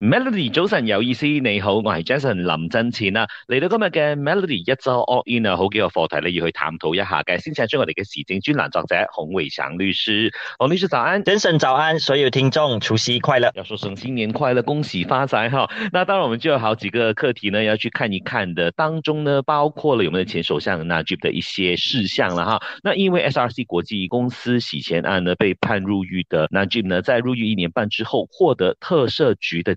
Melody 早晨有意思，你好，我係 Jason 林真前啦，啊，嚟到今日嘅 Melody 一周 All In 啊，好幾個課題咧要去探討一下嘅，先請出我哋嘅時政專欄作者洪偉祥律師，洪、哦、律師早安，Jason 早安，所有聽眾除夕快樂，要說聲新年快樂，恭喜發財哈，那當然我們就有好幾個課題呢要去看一看的，當中呢包括了有冇啲前首相 Najib 的一些事項啦哈，那因為 S R C 國際公司洗錢案呢被判入獄的 Najib 呢，在入獄一年半之後獲得特赦局的。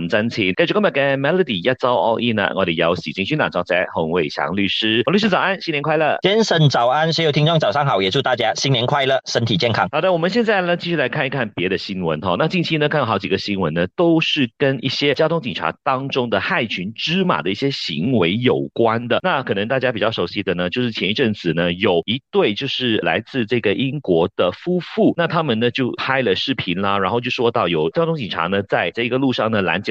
唔真錢，繼續今日嘅 Melody 一周 all in 啦、啊。我哋有時政專欄作者洪偉祥律師，洪律師早安，新年快樂！先生早安，所有聽眾早上好，也祝大家新年快樂，身體健康。好的，我們現在呢繼續來看一看別的新聞。哈，那近期呢，看好幾個新聞呢，都是跟一些交通警察當中的害群之馬的一些行為有關的。那可能大家比較熟悉的呢，就是前一陣子呢，有一對就是來自這個英國的夫婦，那他們呢就拍了視頻啦，然後就說到有交通警察呢，在這個路上呢攔截。